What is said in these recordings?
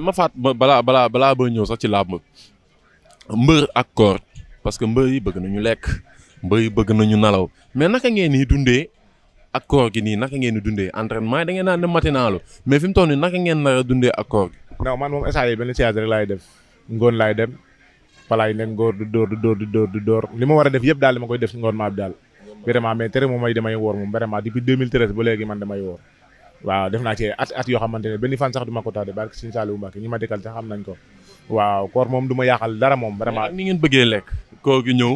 ma faat balaa balaa balaa ba ñëw sax ci làmb mbër ak koor parce que mbër yi bëgg nañu lekk mbër yi bëgg nañu nalaw mais naka ngeen di dundee ak koor gi nii naka ngeen di dundee entraînement yi da ngeen naan ne matinalu mais fi mu toll nii naka ngeen nar a dundee ak koor gi. non man moom instant yii benn siège laay def ngoon laay dem falaay leen góor du dóor du dóor du dóor li ma war a def yëpp daal li ma koy def si ngoon maa bi daal vraiment mais tere moom ay damay woor moom léegi man damay woor waaw def naa ci at at yoo xamante ne benn fan sax du ma ko tax de barke Sëñ Saliou Mbacke ñi ma dëkkal sax xam nañ ko waaw koor moom du ma yaaxal dara moom vraiment ni ngeen bëggee lekk koo gi ñëw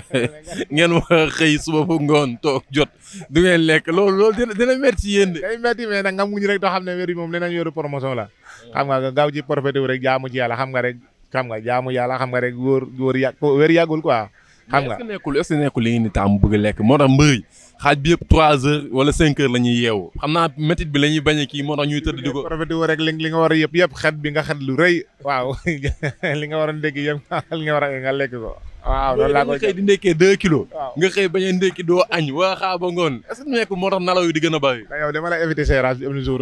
ngeen wax xëy suba fu ngoon toog jot du ngeen lekk loolu loolu dina dina métti yéen de day métti mais nag nga muñ rek doo xam ne wér yi moom lenañ yoru promotion la xam nga gaaw ci profité wu rek jaamu ci yàlla xam nga rek xam nga jaamu yàlla xam nga rek wóor wóor yàgg wér yàggul quoi xam nga est ce que nekkul li ngeen di taamu bëgg lekk moo tax mbëri xaaj bi yëpp 3 heures wala 5 heures la ñuy yeewu xam naa métit bi lañuy ñuy bañ a kii moo tax ñuy tëdd di ko. profité wu li nga war a yëpp yëpp xet bi nga xet lu rëy. waaw li nga war a dégg yëpp li nga war a nga lekk ko. waaw loolu laa koy xëy di ndekkee deux kilos. nga xëy bañ a ndekki doo añ waa xaa ngoon est ce moo tax nalaw yi di gën a bari. yow dama lay na jour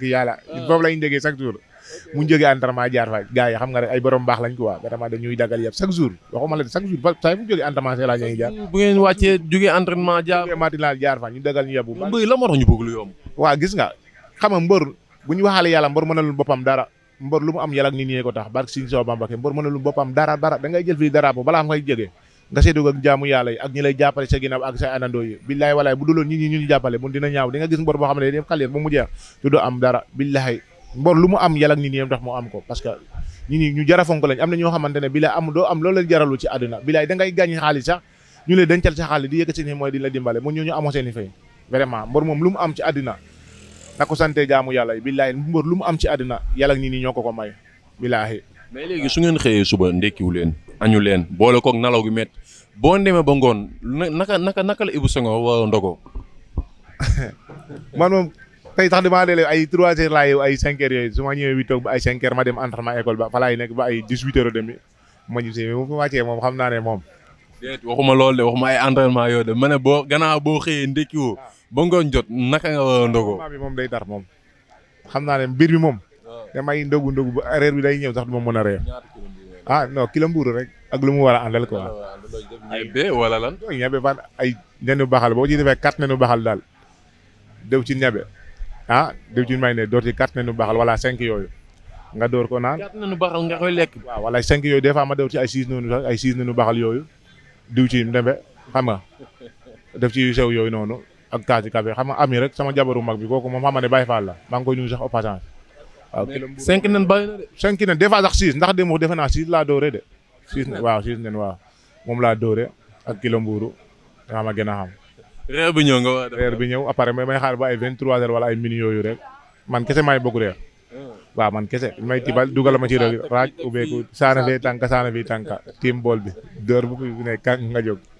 yàlla ah. foofu lañ ndékkee chaque jour mu jógee entraînement jaar fa yi xam nga rek ay borom baax lañ dañuy dagal yàpp chaque jour waxuma la chaque jour saa bu jógee entraînement séerage ñuy jaar bu ngeen wàccee jógee entraînement jaar matin fa ñu dagal ñu yàpp bu baax mbëy la moo tax ñu bëgg lu yomb waa gis nga xam mbër bu ñu waxaale yàlla mbor mënalul boppam dara mbor lu mu am yàlla ak nit ñee ko tax barke Sëriñ Tuubaa Mbàkke mbor mënalul boppam dara dara da ngay jël fii dara bu balaa ngay jege nga seetlu ak jaamu yàlla yi ak ñi lay ñu jàppale mun dina mbor mu am dara ko parce que ñi ñu jara fonk lañ ñoo xamante ne billaay am am loolu la jaralu ci àdduna billaay da ngay gàññ xaalis sax ñu lay dencal sa xaalis di mu ñu ñu àddina na ko sante jaamu yàlla yi billaahi lu mu am ci àddina yàlla ak nit ñoo ko ko may billaahi mais léegi su ngeen xëyee suba ndekkiwu leen añu leen boole koog nalaw gi met boo demee ba ngoon naka naka naka la Ibou Senghor wa ndogoo man moom tey tax damaa deelee ay trois heures ay cinq yooyu su ma ñëwee huit ba ay cinq ma dem entraînement école ba fa nekk ba ay dix huit heures demi ma ñu si bu ma wàccee moom xam naa moom déet waxuma lool de waxuma ay ma ne boo gannaaw boo xëyee ba ngoon jot naka nga war a bi moom day tar moom. xam naa ne mbir mi moom. damay ndogu ndogu ba reer bi day ñëw sax du ma mën a reer. ah non kilo mburu rek ak lu mu war a àndal quoi. ay be wala lan. ñebe fan ay nenu baxal boo ci defee quatre nenu baxal daal. dew ci ñebe. ah dew ci may ne door ci quatre nenu baxal wala cinq yooyu. nga door ko naan quatre nenu lekk. wala cinq yooyu des fois ma dew ci ay six nenu ay six nenu baxal yooyu. diw ci ndembe xam nga def ci sew yooyu noonu. ak Taasi Kafe xam nga ami rek sama jabaru mag bi kooku moom xam ne Baye Fall la maa ngi koy nuyu sax au passage. waaw ah, cinq nen bàyyi na de. cinq nen des fois sax six ndax démb defe na six laa doore de. six nen waaw moom laa doore ak kilo mbuuru maa ma gën a xam. reer bi ñëw nga bi ñëw après may xaar ba ay vingt trois heures wala ay mini yooyu rek man kese maay bokk reer. Ah. waaw man kese may tibal dugal ma ci raaj ubbeeku saana fee tànka saana fii tànka tiim bool bi dóor bu fi ne kànk nga jóg.